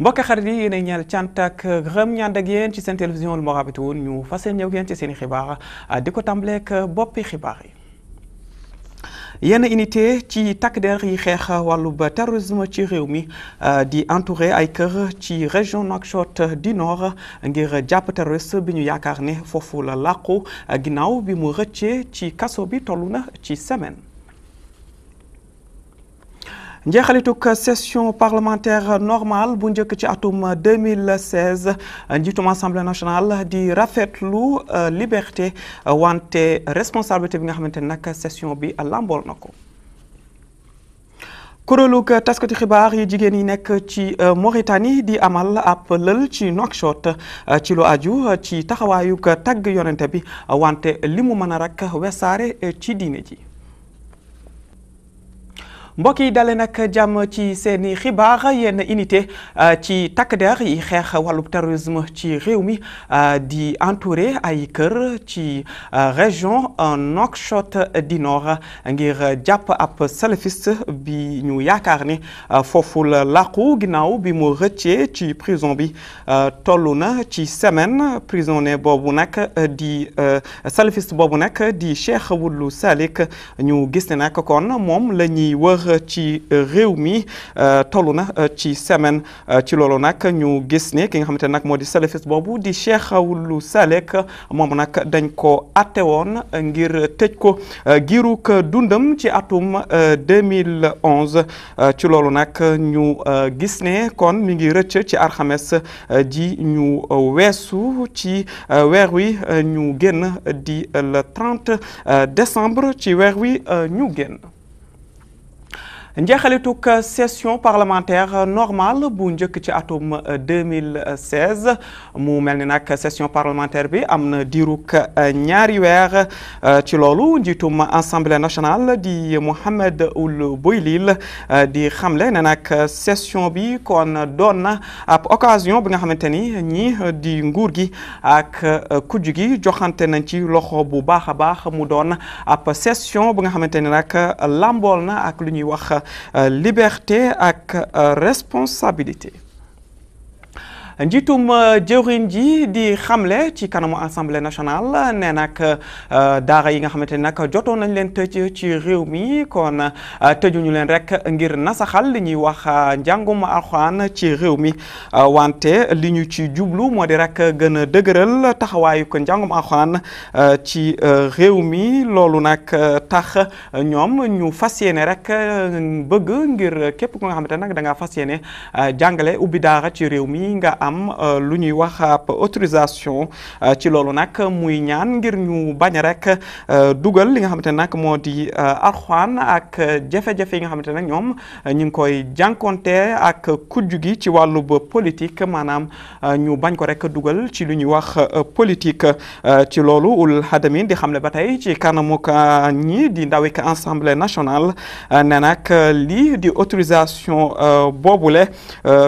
mbokk xarit yi yéen ay ñaal cant ak gërëm ak yéen ci seen télévision lu Mourabitoun ñu fas yéene ñëw yéen ci seen i xibaar ah, di ko tàmbaleek boppi xibaar yi. yenn unité ci takk der yi xeex wàllu ba terrorisme ci réew mi ah, di entouré ay kër ci région Nouakchott du nord ngir jàpp terroriste bi ñu yaakaar ne foofu la làqu ah, ginnaaw bi mu rëccee ci kaso bi tollu na ci semaine. njeexalituk session parlementaire normale bu njëkk ci atum 2016 njiitum assemblée nationale di rafet lu euh, liberté euh, wante responsabilité bi nga xamante ne nag session bi làmbool na ko. kuréelug taskati xibaar yi jigéen yi nekk ci euh, Mauritanie di amal ab lël ci Nouakchott ci lu aju ci taxawaayug tagg yonente bi wante li mu mën a rek ci diine ji. mbokk yi dale nag jàmm ci seen i xibaar yenn unité euh, ci takk der yi xeex wàllub terrorisme ci réew mi euh, di entouré ay kër ci euh, région Nouakchott du Nord ngir jàpp ab salafiste bi ñu yaakaar ni foofu la làqu ginnaaw bi mu rëccee ci prison bi tollu na ci semaine prisonnier boobu nag di salafiste boobu nag di Cheikh Wulu Salik ñu gis ne nag kon moom la wër Euh, ci euh, réew mi euh, tollu na ci semaine ci loolu nag ñu gis ni ki nga xamante nag moo di salafiste boobu di Cheikh Ould Salek moom nag dañ ko atte woon ngir tëj ko giirug dundam ci atum 2011 ci loolu nag ñu gis ne kon mi ngi rëcc ci alxames ji ñu weesu ci weer wi ñu génn di le 30 décembre ci weer wi ñu génn njeexalituk session parlementaire normal bu njëkk ci atum 2016 euh, mu mel ni nag session parlementaire bi am na diirug euh, ñaari weer euh, ci loolu njiitum assemblée national di Mohamed Ould Boylil di xamle ne nag session bi kon doon na ab occasion bi nga xamante ni ñi di nguur gi ak kujj gi joxante nañ ci loxo bu baax a baax mu doon ap session bi nga xamante ni nag làmbool na ak lu ñuy wax Euh, liberté ak euh, responsabilité njiitum euh, jëwriñ ji di xamle ci kanamu assemblée national ne nag euh, daara yi nga xamante ni nag jotoon nañ leen tëj ci réew mi kon euh, tëjuñu leen rek ngir nasaxal li ñuy wax njàngum alxuraan ci réew mi wante li ñu ci jublu moo di rek gën a dëgëral taxawaayu ko njàngum alxuraan ci réew mi loolu nag tax ñoom ñu fas yéene rek bëgg ngir képp ku nga xamante nag da ngaa fas yéene jàngale ubbi daara ci réew mi nga am am euh, lu ñuy wax ab autorisation euh, ci loolu nag muy ñaan ngir ñu bañ rek euh, dugal li nga xamante ne nag moo di alxuraan ak jafe-jafe yi nga xamante ne ñoom ñu ngi koy jànkonte ak kujj gi ci wàllu wàllub politique maanaam ñu bañ ko rek dugal ci lu ñuy wax politique ci loolu ul hadamin di xam xamle ba tey ci kanamuk ñi di ndawik assemblée nationale ne nag lii di autorisation boobule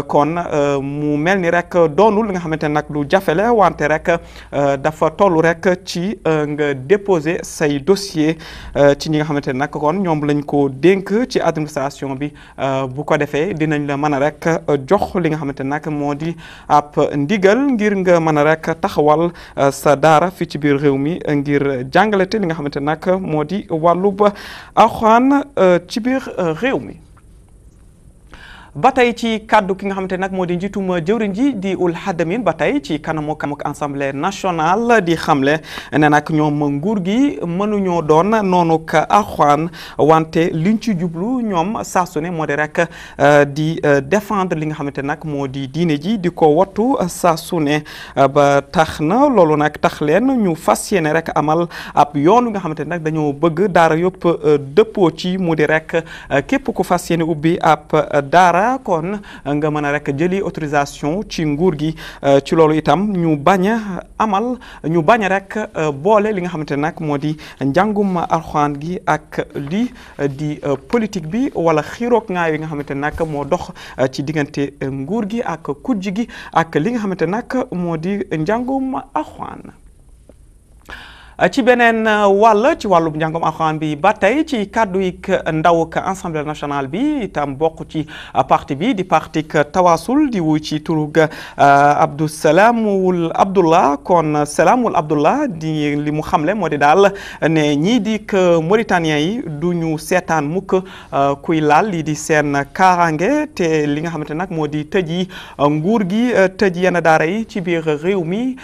kon mu mel ni rek rek doonul li nga xamante ne nag lu jafele wante rek euh, dafa toll rek ci euh, nga déposer say dossier euh, ci ñi nga xamante ne nag kon ñoom lañ ko dénk ci administration bi bu ko defee dinañ la mën a rek jox li nga xamante ne nag moo di ab ndigal ngir nga mën a rek taxawal sa daara fii ci biir réew mi ngir jàngalate li nga xamante ne nag moo di wàllub alxuraan ci biir réew mi ba tey ci kaddu ki nga xamante nag moo di njiitum jëwriñ ji di Ould Hadamine ba tey ci kanamu ak assemblée nationale di xamle ne nag ñoom nguur gi mënuñoo doon noonu a alxuraan wante liñ ci jublu ñoom saa moo di rek euh, di euh, défendre li nga xamante nag moo di diine ji di ko wattu saa su ba tax na loolu nag tax leen ñu fas yéene rek amal ab yoon nga xamante nag dañoo bëgg daara yëpp euh, dëppoo ci mu di rek képp ku fas yéene ubbi ab daara. ba kon nga mën a rek jëli autorisation ci nguur gi euh, ci loolu itam ñu bañ a amal ñu bañ a rek euh, boole li nga xamante ne nag moo di njàngum alxuraan gi ak lii di euh, politique bi wala xiiroog ngaay yi nga xamante ne nag moo dox ci diggante nguur gi ak kujj gi ak li nga xamante ne nag moo di njàngum alxuraan Euh, ci beneen euh, wall ci wàllub njàngom alxuraan bi ba tey ci kàddu yi ndaw ak assemblée nationale bi itam bokk ci euh, parti bi di parti tawasul di wuy ci turug Abdou Salam wul Abdullah kon Salam wul Abdullah di li mu xamle moo di daal ne ñii di Mauritaniens yi du ñu seetaan mukk kuy laal lii di seen kaaraange te li nga xamante nag moo di tëj nguur gi tëj yenn daara yi ci biir réew mi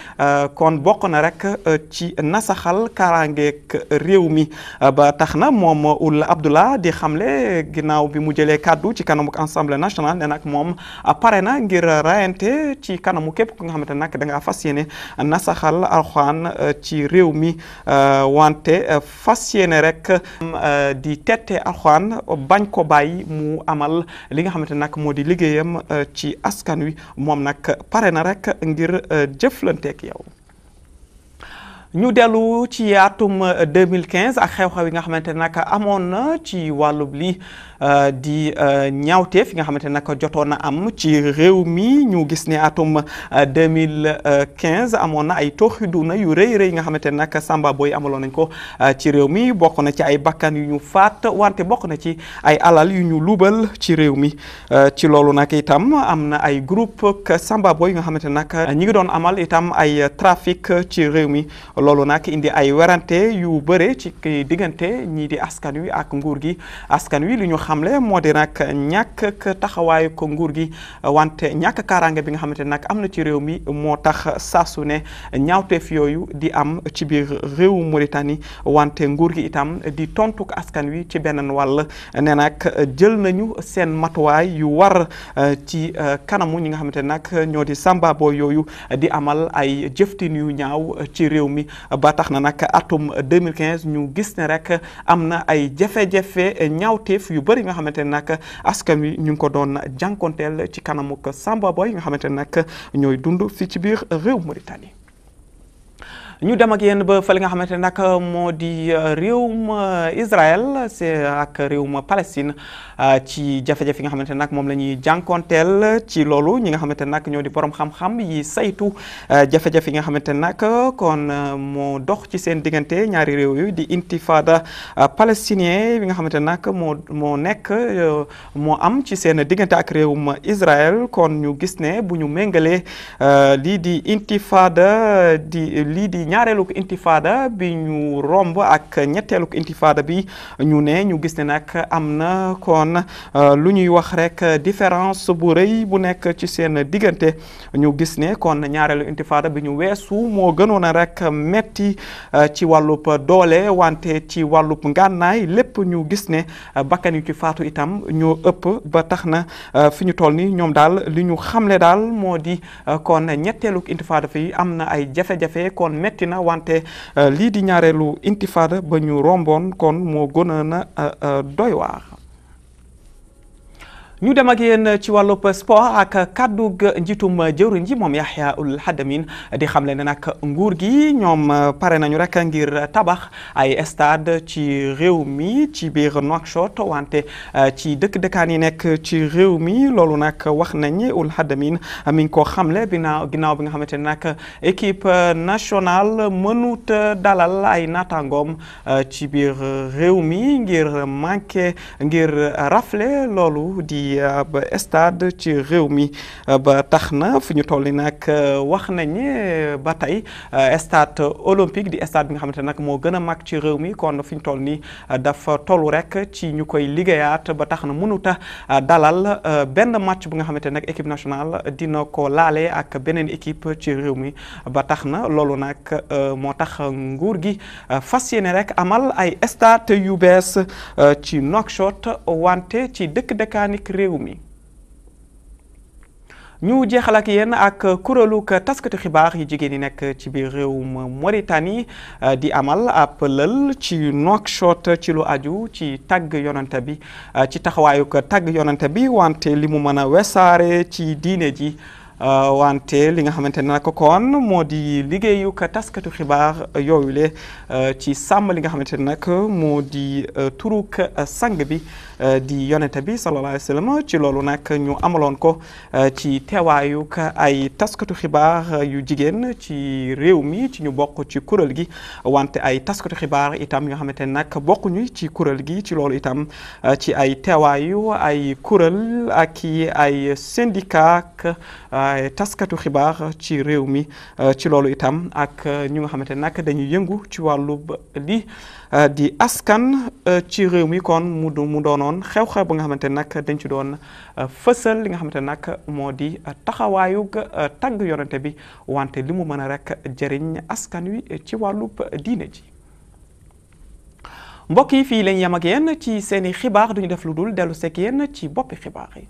kon bokk na rek ci nasax xal kaaraangeeg réew mi euh, ba tax na moom Ould Abdallah di xamle ginaaw bi mu jëlee kàddu ci kanamu assemblée nationale ne nag moom euh, pare na ngir rayante ci kanamu képp ku nga xamante ne nag da ngaa fas yéene nasaxal alxuraan euh, ci réew mi wante fas yéene rek di tette alxuraan bañ ko bàyyi mu amal li nga xamante nag moo di liggéeyam ci askan wi moom nag pare na rek ngir jëflanteek yow ñu dellu ci atum euh, deux 2015 ak xew-xew yi nga xamante ne nag amoon na ci wàllub li euh, di euh, ñaawteef fi nga xamante ne nag jotoon na am ci réew mi ñu gis ne atum quinze amoon na ay tooxiduna yu rëy rëy nga xamante ne nag Samba Boy amaloon nañ ko ci réew mi bokk na ci ay bakkan yu ñu faat wante bokk na ci ay alal yu ñu luubal ci réew mi ci loolu nag itam am na ay groupe Samba Boy yu nga xamante ne nag ñi ngi doon amal itam ay trafic ci réew mi. loolu nag indi ay werante yu bëre ci diggante ñii di askan wi ak nguur gi askan wi li ñu xamle moo di nag ñàkk taxawaayu ko nguur gi wante ñàkk kaaraange bi nga xamante ne nag am na ci réew mi moo tax saa ne ñaawteef yooyu di am ci biir réewu Mauritanie wante nguur gi itam di tontuk askan wi ci beneen wàll ne nag jël nañu seen matuwaay yu war eh, ci eh, kanamu ñi nga xamante ne nag ñoo di sambabo yooyu di amal ay jëftin yu ñaaw ci réew mi ba tax na nag atum quinze ñu gis ne rek am na ay jafe-jafe ñaawteef yu bëri nga xamante ne nag askan wi ñu ngi ko doon jànkonteel ci kanamuk Samba Boy nga xamante ne nag ñooy dund fii ci biir réew Mauritanie ñu dem ak yéen ba fële nga xamante ne nag euh, moo di euh, réewum euh, Israël c'est ak réewum Palestine ci jafe-jafe nga xamante ne nag moom la ñuy jànkonteel ci loolu ñi nga xamante ne nag ñoo di borom xam-xam yi saytu jafe-jafe yi nga xamante ne nag kon moo dox ci seen diggante ñaari réew yu di intifada palestinien bi nga xamante ne nag moo moo nekk moo am ci seen diggante ak réewum Israël kon ñu gis ne bu ñu méngalee lii di intifada di lii di. ñaareelu intifada bi ñu romb ak ñetteelu intifada bi ñu ne ñu gis ne nag am na kon euh, lu ñuy wax rek différence bu rëy bu nekk ci seen diggante ñu gis ne kon ñaareelu intifada bi ñu weesu moo gënoon a rek metti euh, ci wàllub doole wante ci wàllub ngànnaay lépp ñu gis ne euh, bakkan ci faatu itam ñoo ëpp ba tax na fi ñu toll ni ñoom daal li ñu xamle daal moo di kon ñetteelu intifada fi am na ay jafe-jafe kon metti metti na wante euh, lii di ñaareelu intifada ba ñu romboon kon moo gënoon a euh, euh, doy waar ñu dem ak yéen ci wàllub sport ak kaddu njiitum jëwriñ ji moom Yahya Ul Hadamin di xamle ne nag nguur gi ñoom pare nañu rek ngir tabax ay stade ci réew mi ci biir Nouakchott wante euh, ci dëkk-dëkkaan yi nekk ci réew mi loolu nag wax nañ Ul Hadamin mi ngi ko xamle binaaw ginnaaw bi nga xamante ne nag équipe nationale mënut dalal ay naataangoom euh, ci biir réew mi ngir manqué ngir rafle loolu di. ci ba stade ci réew mi euh, ba tax na fi ñu toll nii nag euh, wax nañ ne euh, ba tey stade olympique di stade bi nga xamante nag moo gën a mag ci réew mi kon fi ñu toll nii dafa tollu rek ci ñu koy liggéeyaat ba tax na mënut a dalal benn match bu nga xamante nag équipe nationale dina ko laale ak beneen équipe ci réew mi ba tax na loolu nag moo tax nguur gi fas yéene rek amal ay stade yu bees ci Nouakchott wante ci dëkk dëkkaanik réew mi ñu jeexal ak yenn ak kuréelu taskatu xibaar yi jigéen yi nekk ci biir réewum Mauritanie euh, di amal ab lël ci Nouakchott ci lu aju ci tagg yonante bi euh, ci taxawaayu tàgg yonante bi wante li mu mën a wesaare ci diine ji Euh, wante li nga xamante ne nag kon moo di liggéeyu ka taskatu xibaar yooyu le euh, ci sàmm li nga xamante ne nag moo di euh, turuk sang bi di yonente bi sallallahu alayhi ci loolu nag ñu amaloon ko ci teewaayu ay taskatu xibaar yu jigéen ci réew mi ci ñu bokk ci kuréel gi wante ay taskatu xibaar itam nga xamante ne nag bokkuñu ci kuréel gi ci loolu itam ci ay teewaayu ay kuréel ak i ay syndicat waaye taskatu xibaar ci réew mi euh, ci loolu itam ak euh, ñu nga xamante nag dañuy yëngu ci wàllu li euh, di askan ci réew mi kon mu mu doonoon xew-xew ba nga xamante nag dañ ci doon fësal li nga xamante nag moo di taxawaayug tagg yonente bi wante li mu mën a rek jëriñ askan wi ci wàllub diine ji mbokk yi fii lañ yem ak yéen ci seeni xibaar duñu def lu dul dellu seeg yéen ci boppi xibaar yi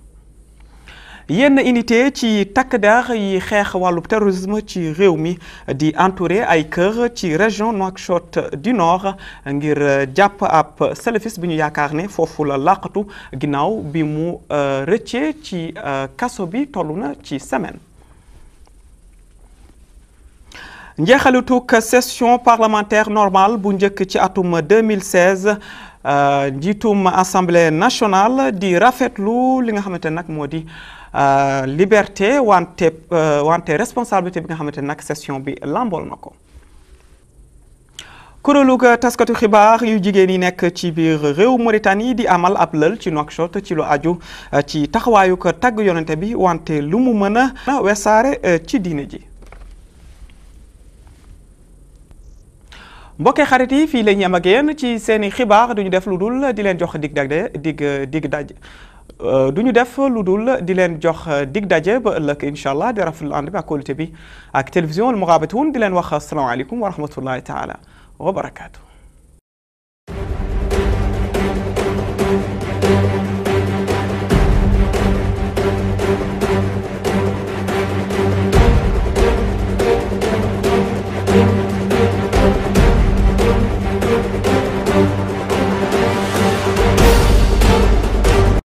yenn unité ci takk der yi xeex wàllu terrorisme ci réew mi di entouré ay kër ci région Nouakchott du Nord ngir jàpp ab salafis bi ñu yaakaar ne foofu la làqatu ginnaaw bi mu euh, rëccee ci euh, kaso bi tollu na ci semaine. njeexalituk session parlementaire normale bu njëkk ci atum 2016 euh, njiitum assemblée nationale di rafetlu li nga xamante nag moo di Euh, liberté wante euh, wante responsabilité bi nga xamante nag session bi lambool na ko kuréelug taskatu xibaar yu jigéen yi nekk ci biir réew Mauritanie di amal ab lël ci Nouakchott ci lu aju euh, ci taxawaayu ko tagg yonente bi wante lu mu mën a wesaare ci diine ji mbokkee xarit yi fii la ñu am ak ci seeni i xibaar duñu def lu dul di leen jox dig dag de dig dig daj Euh, du ñu def lu dul di leen jox euh, dig daje ba ëllëg incha allah di rafetlu ànd bi ak qualité bi ak télévision Al Mourabitoun di leen wax asalaamaaleykum wa rahmatullahi taala wa barakaatu.